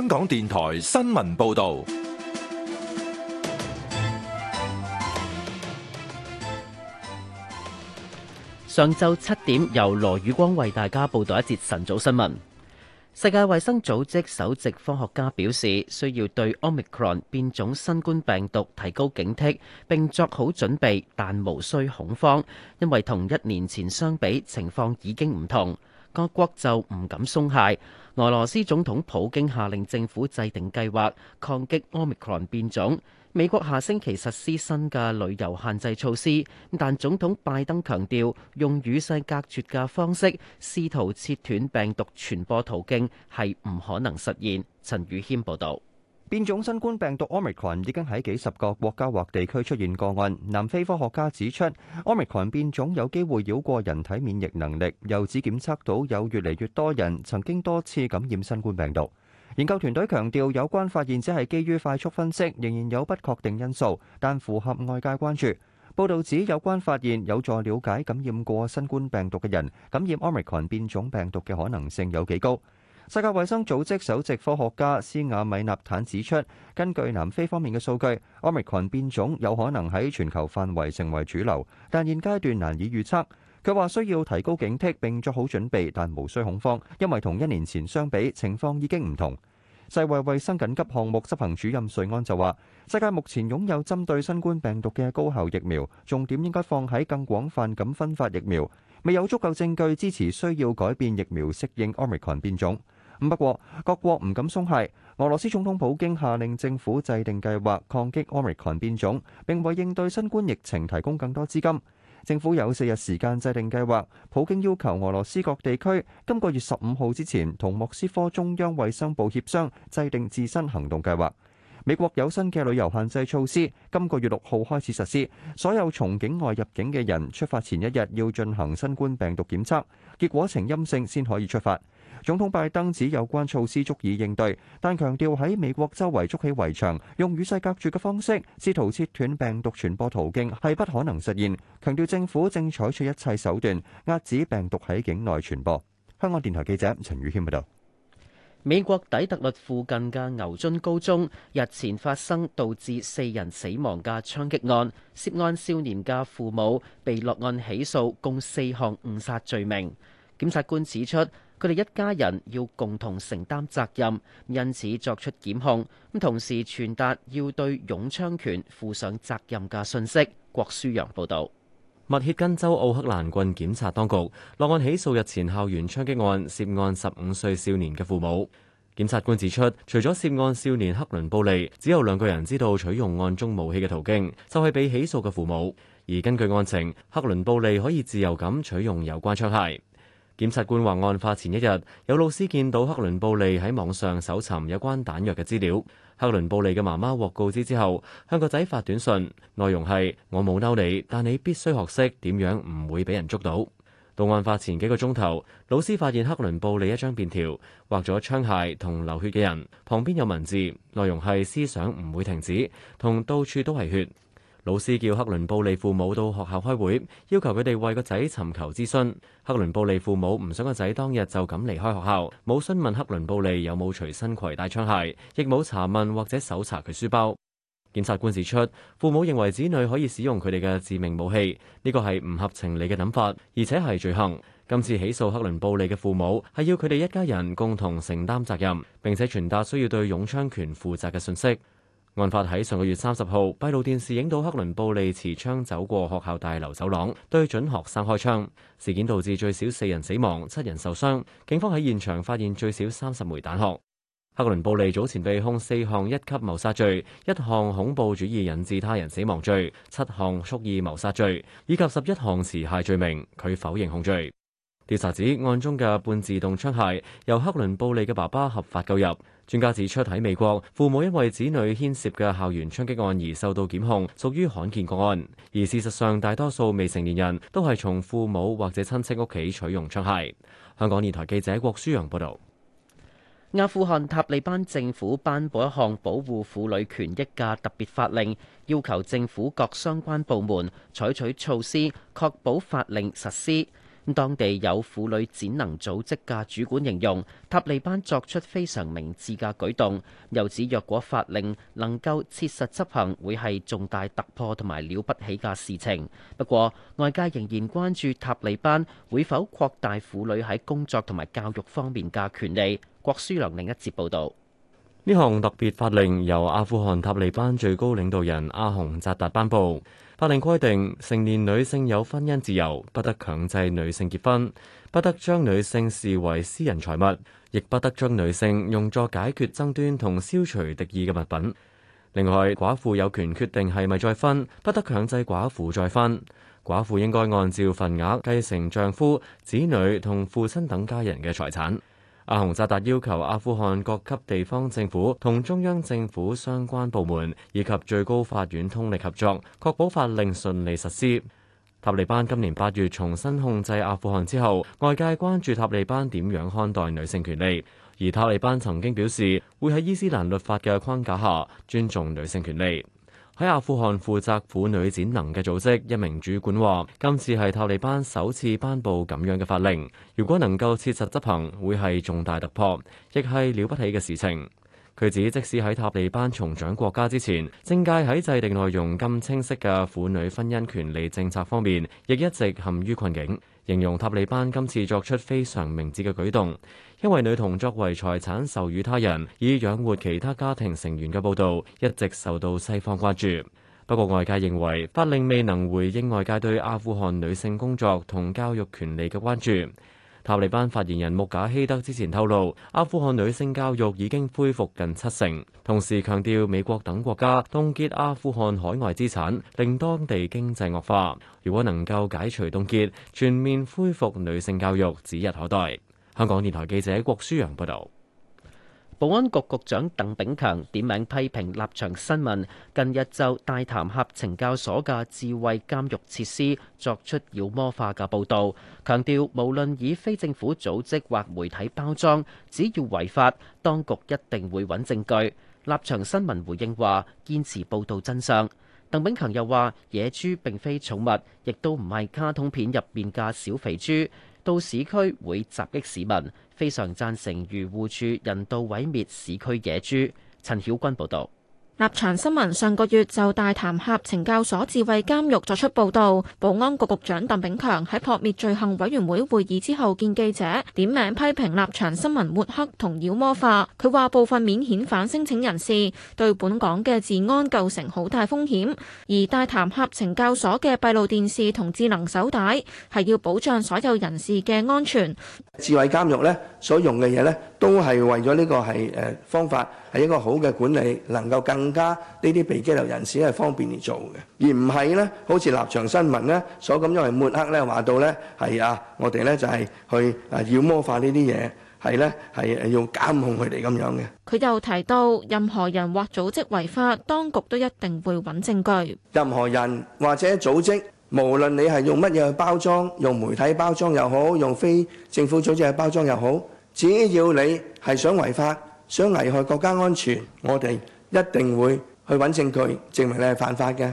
香港電台新聞報道。上晝七點，由羅宇光為大家報道一節晨早新聞。世界衛生組織首席科學家表示，需要對 Omicron 變種新冠病毒提高警惕，並作好準備，但無需恐慌，因為同一年前相比，情況已經唔同。各國就唔敢鬆懈。俄羅斯總統普京下令政府制定計劃抗擊 omicron 變種，美國下星期實施新嘅旅遊限制措施，但總統拜登強調，用與世隔絕嘅方式試圖切斷病毒傳播途徑，係唔可能實現。陳宇軒報道。變種新冠病毒奧密克戎已經喺幾十個國家或地區出現個案。南非科學家指出，奧密克戎變種有機會繞過人體免疫能力。又指檢測到有越嚟越多人曾經多次感染新冠病毒。研究團隊強調，有關發現只係基於快速分析，仍然有不確定因素，但符合外界關注。報導指，有關發現有助了解感染過新冠病毒嘅人感染奧密克戎變種病毒嘅可能性有幾高。世界衛生組織首席科學家斯亞米納坦指出，根據南非方面嘅數據，Omicron 變種有可能喺全球範圍成為主流，但現階段難以預測。佢話需要提高警惕並做好準備，但無需恐慌，因為同一年前相比，情況已經唔同。世衛衛生緊急項目執行主任瑞安就話：世界目前擁有針對新冠病毒嘅高效疫苗，重點應該放喺更廣泛咁分發疫苗。未有足夠證據支持需要改變疫苗適應 Omicron 變種。不過，各國唔敢鬆懈。俄羅斯總統普京下令政府制定計劃抗擊 Omicron 變種，並為應對新冠疫情提供更多資金。政府有四日時間制定計劃。普京要求俄羅斯各地區今個月十五號之前同莫斯科中央衛生部協商制定自身行動計劃。美國有新嘅旅遊限制措施，今個月六號開始實施。所有從境外入境嘅人，出發前一日要進行新冠病毒檢測，結果呈陰性先可以出發。總統拜登指有關措施足以應對，但強調喺美國周圍築起圍牆，用與世隔絕嘅方式試圖切斷病毒傳播途徑係不可能實現。強調政府正採取一切手段壓止病毒喺境內傳播。香港電台記者陳宇軒報道，美國底特律附近嘅牛津高中日前發生導致四人死亡嘅槍擊案，涉案少年嘅父母被落案起訴，共四項誤殺罪名。檢察官指出，佢哋一家人要共同承擔責任，因此作出檢控。同時傳達要對擁槍權負上責任嘅信息。郭舒揚報導。密歇根州奧克蘭郡檢察當局落案起訴日前校園槍擊案涉案十五歲少年嘅父母。檢察官指出，除咗涉案少年克倫布利，只有兩個人知道取用案中武器嘅途徑，就係被起訴嘅父母。而根據案情，克倫布利可以自由咁取用有關槍械。檢察官話，案發前一日，有老師見到克倫布利喺網上搜尋有關彈藥嘅資料。克倫布利嘅媽媽獲告知之後，向個仔發短信，內容係：我冇嬲你，但你必須學識點樣唔會俾人捉到。到案發前幾個鐘頭，老師發現克倫布利一張便條，畫咗槍械同流血嘅人，旁邊有文字，內容係思想唔會停止，同到處都係血。老師叫克倫布利父母到學校開會，要求佢哋為個仔尋求諮詢。克倫布利父母唔想個仔當日就咁離開學校，冇詢問克倫布利有冇隨身攜帶槍械，亦冇查問或者搜查佢書包。檢察官指出，父母認為子女可以使用佢哋嘅致命武器，呢個係唔合情理嘅諗法，而且係罪行。今次起訴克倫布利嘅父母，係要佢哋一家人共同承擔責任，並且傳達需要對擁槍權負責嘅信息。案發喺上個月三十號，閉路電視影到克倫布利持槍走過學校大樓走廊，對準學生開槍。事件導致最少四人死亡、七人受傷。警方喺現場發現最少三十枚彈殼。克倫布利早前被控四項一級謀殺罪、一項恐怖主義引致他人死亡罪、七項蓄意謀殺罪以及十一項持械罪名，佢否認控罪。調查指案中嘅半自動槍械由克倫布利嘅爸爸合法購入。專家指出，喺美國，父母因為子女牽涉嘅校園槍擊案而受到檢控，屬於罕見個案。而事實上，大多數未成年人都係從父母或者親戚屋企取用槍械。香港電台記者郭舒揚報導。阿富汗塔利班政府頒布一項保護婦女權益嘅特別法令，要求政府各相關部門採取措施，確保法令實施。當地有婦女展能組織嘅主管形容，塔利班作出非常明智嘅舉動，又指若果法令能夠切實執行，會係重大突破同埋了不起嘅事情。不過，外界仍然關注塔利班會否擴大婦女喺工作同埋教育方面嘅權利。郭舒良另一節報導。呢項特別法令由阿富汗塔利班最高領導人阿洪扎達頒布。法令規定，成年女性有婚姻自由，不得強制女性結婚，不得將女性視為私人財物，亦不得將女性用作解決爭端同消除敵意嘅物品。另外，寡婦有權決定係咪再婚，不得強制寡婦再婚。寡婦應該按照份額繼承丈夫、子女同父親等家人嘅財產。阿洪扎達要求阿富汗各級地方政府同中央政府相關部門以及最高法院通力合作，確保法令順利實施。塔利班今年八月重新控制阿富汗之後，外界關注塔利班點樣看待女性權利，而塔利班曾經表示會喺伊斯蘭律法嘅框架下尊重女性權利。喺阿富汗負責婦女展能嘅組織一名主管話：今次係塔利班首次頒布咁樣嘅法令，如果能夠切實執行，會係重大突破，亦係了不起嘅事情。佢指，即使喺塔利班重掌國家之前，政界喺制定內容咁清晰嘅婦女婚姻權利政策方面，亦一直陷於困境。形容塔利班今次作出非常明智嘅舉動，因為女童作為財產授予他人，以養活其他家庭成員嘅報道一直受到西方關注。不過外界認為法令未能回應外界對阿富汗女性工作同教育權利嘅關注。塔利班發言人穆賈希德之前透露，阿富汗女性教育已經恢復近七成，同時強調美國等國家凍結阿富汗海外資產，令當地經濟惡化。如果能夠解除凍結，全面恢復女性教育指日可待。香港電台記者郭舒揚報道。保安局局長鄧炳強點名批評立場新聞近日就大潭峽懲教所嘅智慧監獄設施作出妖魔化嘅報道，強調無論以非政府組織或媒體包裝，只要違法，當局一定會揾證據。立場新聞回應話，堅持報道真相。鄧炳強又話，野豬並非寵物，亦都唔係卡通片入面嘅小肥豬。到市區會襲擊市民，非常贊成漁護處人道毀滅市區野豬。陳曉君報導。立場新聞上個月就大潭峽懲教所智慧監獄作出報道，保安局局長鄧炳強喺撲滅罪行委員會會議之後見記者，點名批評立場新聞抹黑同妖魔化。佢話部分免遣返申請人士對本港嘅治安構成好大風險，而大潭峽懲教所嘅閉路電視同智能手帶係要保障所有人士嘅安全。智慧監獄呢所用嘅嘢呢，都係為咗呢個係誒方法係一個好嘅管理，能夠更。加呢啲被拘留人士係方便嚟做嘅，而唔係咧，好似立場新聞咧所咁樣嚟抹黑咧，話到咧係啊，我哋咧就係去啊要魔化呢啲嘢，係咧係要監控佢哋咁樣嘅。佢又提到，任何人或組織違法，當局都一定會揾證據。任何人或者組織，無論你係用乜嘢去包裝，用媒體包裝又好，用非政府組織嘅包裝又好，只要你係想違法、想危害國家安全，我哋。一定會去揾證據證明你係犯法嘅。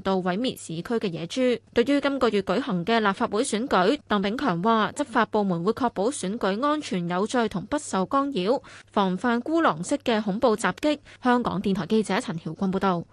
到毀滅市區嘅野豬。對於今個月舉行嘅立法會選舉，鄧炳強話執法部門會確保選舉安全有序同不受干擾，防範孤狼式嘅恐怖襲擊。香港電台記者陳曉君報道。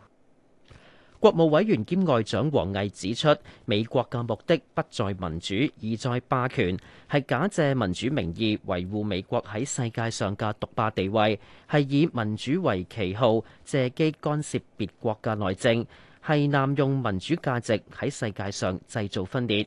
國務委員兼外長王毅指出，美國嘅目的不在民主，而在霸權，係假借民主名義維護美國喺世界上嘅獨霸地位，係以民主為旗號，借機干涉別國嘅內政。係濫用民主價值喺世界上製造分裂。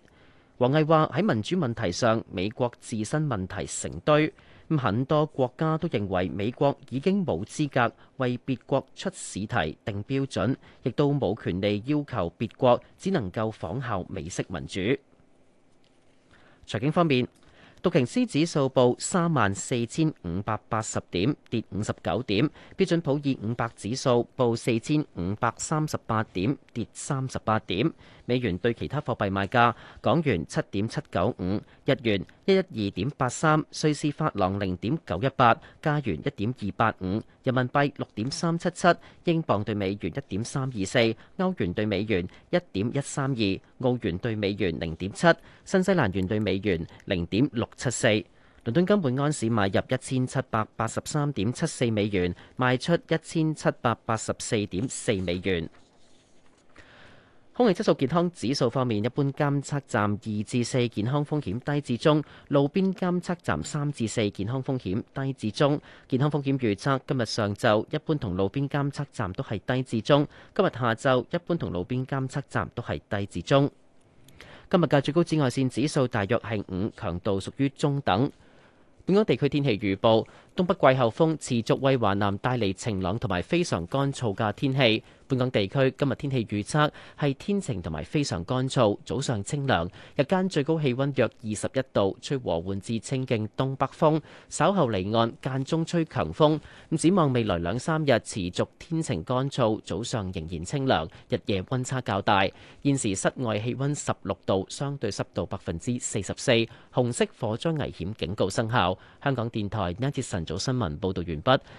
王毅話：喺民主問題上，美國自身問題成堆，咁很多國家都認為美國已經冇資格為別國出試題、定標準，亦都冇權利要求別國只能夠仿效美式民主。財經方面。道瓊斯指數報三萬四千五百八十點，跌五十九點；標準普爾五百指數報四千五百三十八點，跌三十八點。美元對其他貨幣賣價：港元七點七九五，日元一一二點八三，瑞士法郎零點九一八，加元一點二八五。人民幣六點三七七，英鎊對美元一點三二四，歐元對美元一點一三二，澳元對美元零點七，新西蘭元對美元零點六七四。倫敦金本盎司買入一千七百八十三點七四美元，賣出一千七百八十四點四美元。空氣質素健康指數方面，一般監測站二至四，健康風險低至中；路邊監測站三至四，健康風險低至中。健康風險預測今日上晝一般同路邊監測站都係低至中，今日下晝一般同路邊監測站都係低至中。今日嘅最高紫外線指數大約係五，強度屬於中等。本港地區天氣預報。東北季候風持續為華南帶嚟晴朗同埋非常乾燥嘅天氣。本港地區今日天氣預測係天晴同埋非常乾燥，早上清涼，日間最高氣温約二十一度，吹和緩至清勁東北風，稍後離岸間中吹強風。咁展望未來兩三日持續天晴乾燥，早上仍然清涼，日夜温差較大。現時室外氣温十六度，相對濕度百分之四十四，紅色火災危險警告生效。香港電台一至晨。早新聞報道完畢。